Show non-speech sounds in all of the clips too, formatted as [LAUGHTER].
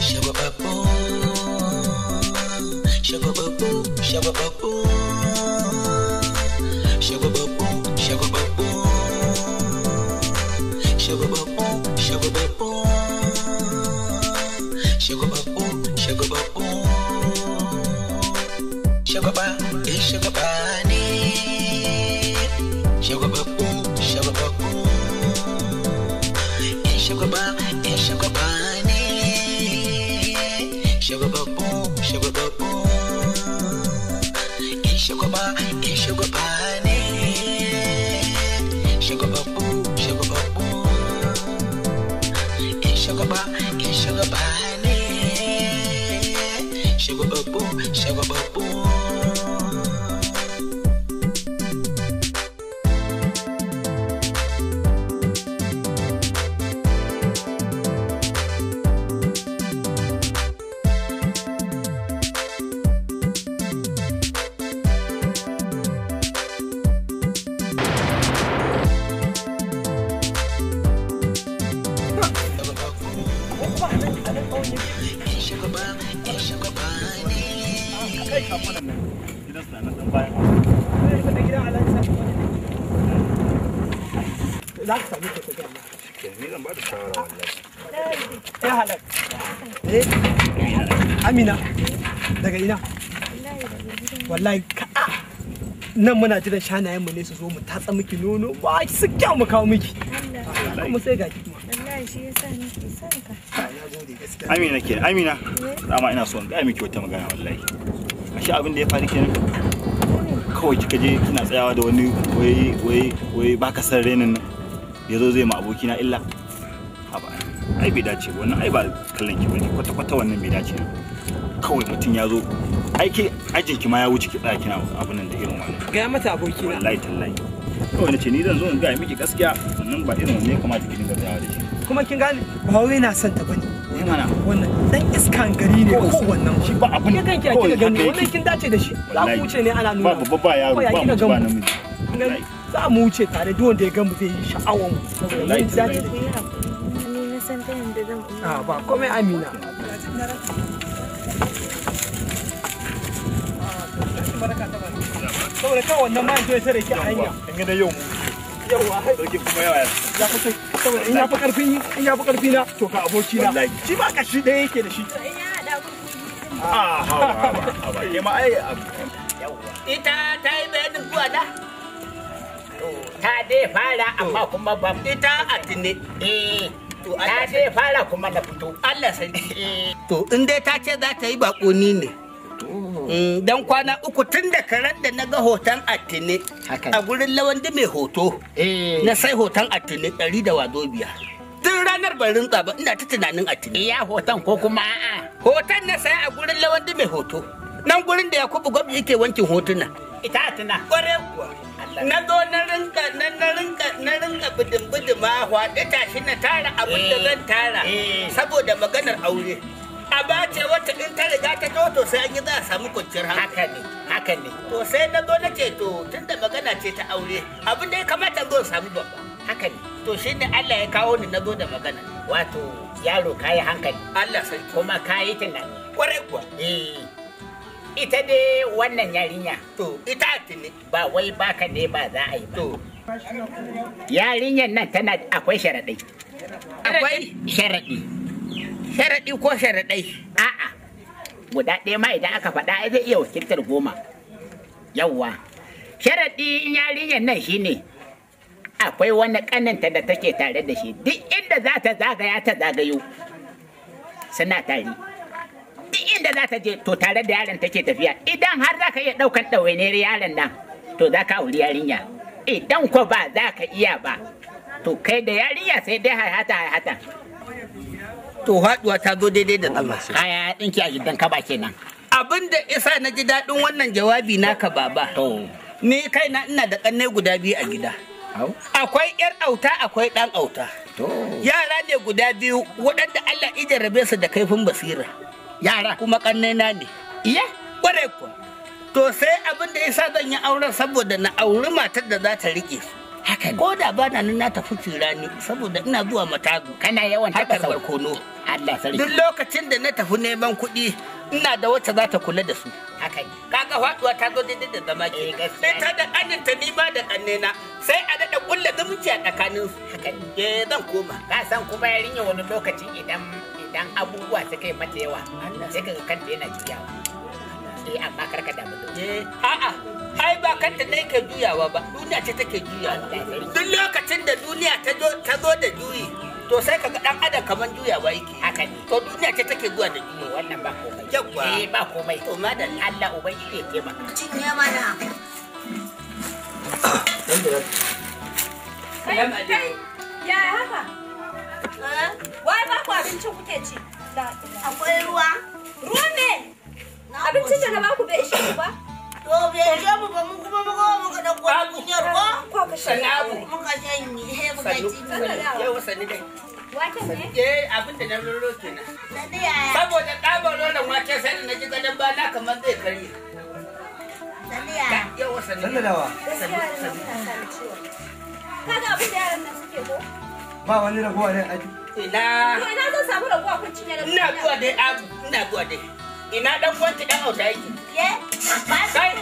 shabba bubble, shabba bubble. Amina. Daga ina? Wallahi ka ah! nan muna jiran shanayen mu ne su zo mu tatsa miki nono ba ki su kyau mu kawo miki. Allah. Mu sai gaki kuma. Wallahi shi yasa nake son ka. Amina ke Amina. Eh? Dama ina so in ga miki wata magana wallahi. ashe abin da ya faru kenan kawai kika je kina tsayawa da wani wai wai wai baka san renin nan zo zai ma abokina illa haba ai bai dace wannan ai ba kallon ki bane kwata kwata wannan bai dace kawai mutum ya zo aiki ajin ki ma ya wuce ki tsaya kina abin nan da irin wannan ga mata abokina wallahi tallahi kawai nace ni zan zo in ga miki gaskiya wannan ba irin wannan ya kamata ki dinga tsayawa da shi kuma kin gane ba wai na son ta bane ciki mana wannan dan iskan gari ne ko wannan shi ba abin kai kanki kika gani wannan kin dace da shi za ku wuce ne ana nuna ba babba yaro ba mu ba namiji za mu wuce tare duk wanda ya ga mu zai yi sha'awan mu dace da shi a ah, ba komai amina saboda kawai wannan ya tare ki a hanya in ga yau yawa dauki kuma yawa ya saboda in ya fi karfin in ya fi karfi na to ka aboki na shi ba kashi ɗaya yake da shi ah, ah, ita ta yi bayanin zuwa da ta dai fara amma kuma ba ita a tine eh, ta dai fara kuma na fito Allah sai eh. to in dai ta ce za ta yi ne Mm, dan kwana uku tun da karen da na ga hoton attini a gurin lawan da mai hoto. Eh. Na sai hoton attini ɗari da biya Tun ranar ban rinka ba ina ta tunanin attini. ya hoton ko kuma a'a. Hoton na saya a gurin lawan da mai hoto. Nan gurin da Yakubu Gwabji yake wankin hotuna. Ita atina. kware na zo na rinka na na rinka na rinka bidin bidin ma hwaɗe tashi na tara abin da eh. zan tara eh. saboda maganar aure b'a ce wata in ta riga ta zo to sai an yi za a samu kwanciyar hankali haka ne to sai na zo na ce to tun da magana ce ta aure abin da ya kamata zo samu babba haka ne to shi ne Allah ya kawo ni na zo da magana wato yaro kayi hankali Allah sai kuma kayi tunani kwarai kuwa eh ita dai wannan yarinya to ita tuni ba wai baka ne ba za a yi ba to yarinyar nan tana akwai sharaɗai. akwai sharaɗai. sharaɗi ko sharaɗai a'a guda ɗaya ma idan aka faɗa zai iya wakiltar goma yawwa sharaɗi in yarinyar nan shine akwai wani ƙaninta da take tare da shi duk inda za ta zagaya ta zagayo suna tare duk inda za ta je to tare da yaron take tafiya idan har za ka iya ɗaukar ɗawainiyar yaron nan to za ka auri yarinya idan ko ba za ka iya ba to kai da yarinya sai dai haihata haihata to haduwa ta zo daidai da Allah ya dinki a gidan ka ba kenan abin da isa na ji daɗin wannan jawabi naka baba ni kaina ina da ƙannai guda biyu a gida akwai yar auta akwai ɗan auta yara ne guda biyu waɗanda Allah ija rabe su da kaifin basira yara kuma na ne iya ƙwarai ku. to sai abin da isa zan yi auren saboda na auri matar da za ta riƙe su haka ko da ba na nan na tafi cirani saboda ina zuwa matazu kana yawan tafasa kono Allah sarki duk lokacin da na tafi neman kuɗi ina da wacce za ta kula da su haka ne kaga faduwa ta zo daidai da zama ke eh, sai ta da kanin ta ni ba da kannena sai a daɗa kulla zumunci a tsakanin su haka ne eh, zan koma ka san kuma yarinya wani lokacin idan idan abubuwa suka yi mata yawa sai ka kanta yana jiyawa Eh amma kar ka damu da Eh a'a ai ba kan ta ke juyawa ba duniya ce take juyawa. Duk lokacin da duniya ta zo ta zo da juyi to sai ka ga dan adam kaman juyawa yake haka ne to duniya ce take zuwa da juyi wannan ba komai yawa eh ba komai to madan Allah ubangiji ya taimaka cinye mana Salamu alaikum. Ya haka? Eh? Wai ba ku abincin kuke ci? Akwai ruwa. Ruwa me? abincin da na ba ku bai ishe ba to bai ishe mu ba mu kuma muka muka da kuwa kunyar ko ko ka shanabu muka shanye he muka ci yau sani dai waken ne eh abin da na lolo kenan saboda tsabar rolon waken sai na ji ba na kamar zai karye Yau wasanni. Sanda dawa. Kaga abin da yaran nan suke ko? ba wani raguwa dai aji. Ina. ina zan samu raguwa kun cinye da Ina zuwa dai abu, ina zuwa dai. ina dan gwanti dan auta yake kai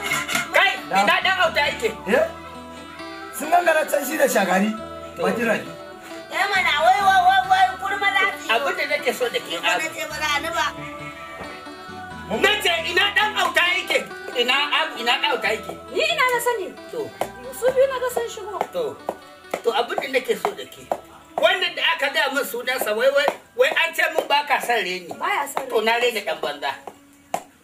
kai ina dan auta yake sun gangara can shi da shagari ba jira ne ya mana wai wai wai wai kurma lafi abin da nake so da ke abu na ce ina dan auta yake ina abu ina dan auta yake ni ina na sani to su biyu na ga sun shigo to to abin da nake so da ke wanda da aka gaya min sunansa wai wai wai an ce min ba baka son reni to na reni dan banza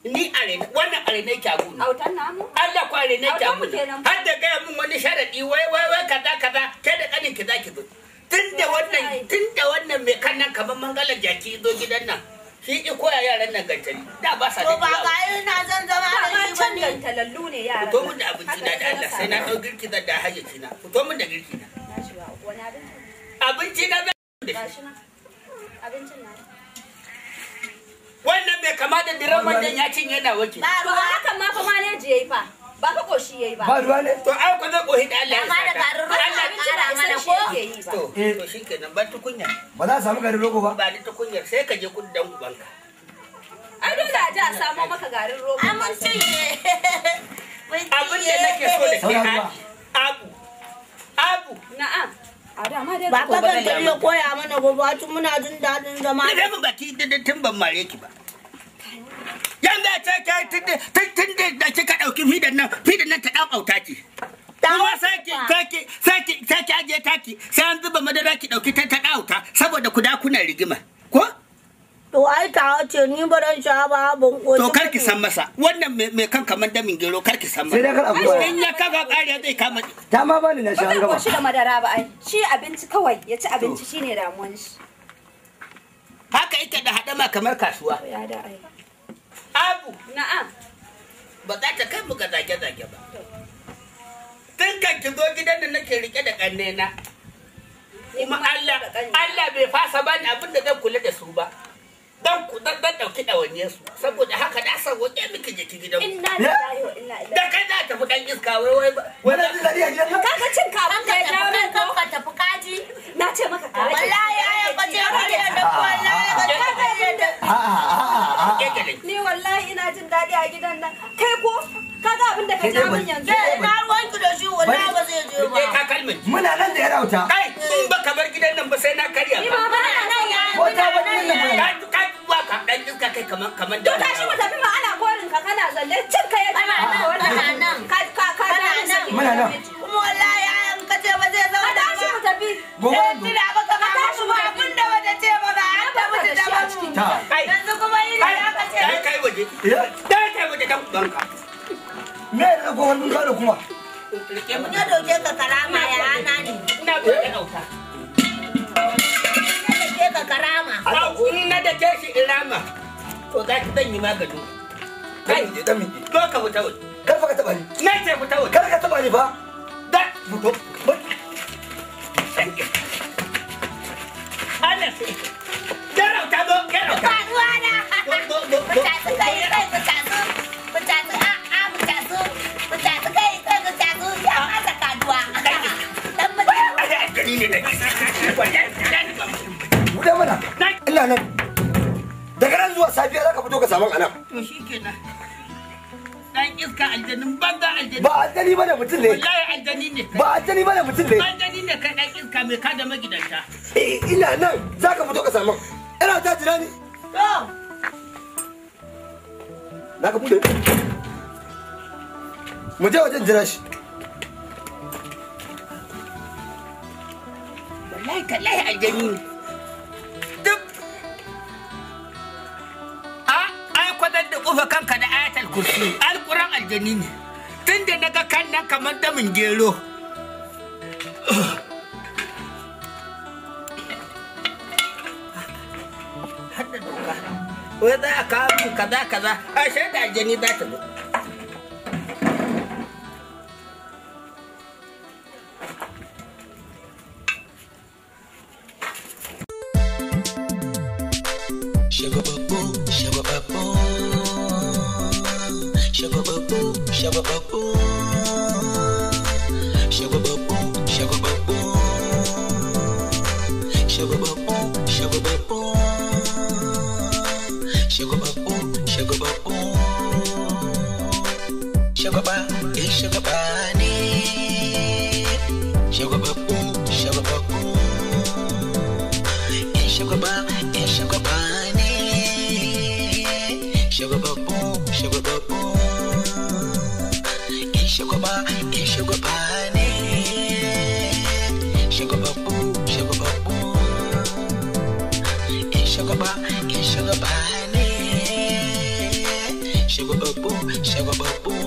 ni are, wannan a rene ki a autan namu Allah ko a rene ki a har da gaya mun wani sharadi wai wai wai kaza kaza kai da kanin ki zaki bi tunda wannan tunda wannan mai kannan nan mangala, mangalar jaki zo gidan nan shi ki koya yaran nan gantali da ba sa da ba ga ina zan zama da shi wannan gantalallu ne yaran to mun da abinci da Allah sai na dau girki da da hayyaci na to mun da girki na abinci na da abincin na wannan bai kama da direban da ya cinye da wake ba ruwa hakan ma fa maleji yayi fa ba ka koshi yayi ba ba ruwa ne to ai ku zo koshi da Allah amma da garin ruwa Allah ya kara mana ko yayi ba to eh. shikenan ban tukunya ba za a samu garin rogo ba ba ni tukunyar sai ka je kudin ubanka ai dole a ji a samo maka garin rogo amma cinye [LAUGHS] abin da nake so da ke ba ka kan ta iya koya mana ba ba tun muna jin daɗin zama na zama baki tun ban mare ki ba yanzu ce ke tun da kika ɗauki fidan nan fidan nan ta ɗaukauta ki kuma saki saki saki saki aje taki sai an zuba madara ki ɗauki ta ta ɗauka saboda ku da kuna rigima ko To ai ta ce ni baran sha ba ban koyi. To kar ki san masa. Wannan me kan kaman damin gero kar ki san masa. Sai dai kar abu. In ya kaga kare zai kama. Ta ma bani na sha gaba. Ba shi da madara ba ai. Shi abinci kawai ya ci abinci shine damuwan shi. Haka ita da hadama kamar kasuwa. Ya da ai. Abu. Na'am. Ba za ta kai mu zage-zage ba. Tun kan ki zo gidan da nake rike da kannena. Kuma Allah Allah bai fasa bani abinda da zan kula da su ba. dan ku dan dan dauki su saboda haka na san waje miki je gidan inna lillahi wa inna ilaihi da kai za ta fi dan iska wai wai dadi a gidan ka ka cin ka ban da ka tafi kaji na ce maka ka wallahi ayan ba je ba da da wallahi da a a a ni wallahi ina jin dadi a gidan nan kai ko ka abin da ka ja yanzu eh, na ruwan da shi wallahi ba zai je ba ka muna nan da ya rauta kai in baka bar gidan nan ba sai na karya ba ni ba ba nan ya ko ta nan ba ka dan iska kai kaman kaman da. To tashi mu tafi ma ana korin ka kana zalle cin ka yake. Kana nan kana nan. Ka ka ka kana nan. Muna nan. Kuma wallahi an ka ce ba zai zauna. Ka tashi mu tafi. Gobe. Eh ba ka ma tashi ba abin da waje ce ba ba an ta mutu da ba mu. Yanzu kuma yi da aka ce. Dai kai waje. Dai kai waje dan banka. Me ya daga wannan gado kuma? Ya doke ka karama ya ana ne. Ina doke kauta. ka karama. na da ke shi to ki zan yi Kai, ka fita Kar fa ka taba ni. Na ce fita Kar ka taba ni Da. Fito. Ba ruwa na. kai, ne dai mana Allah nan daga zuwa safiya ka fito ka samu anan to shikenan dan iska aljanin banza ba aljani bane mutum ne wallahi aljani ne ba aljani bane mutum ne aljani ne kai dan iska mai magidanta eh, ina nan fito ka samu ina ta jira ni to bude mu je wajen jira shi wallahi kallahi aljani ne kursi alkuran aljani ne tun da na ga kan nan kamar damin gero wai za a kawo kaza kaza a shaida aljani za ta zo chega babu, chega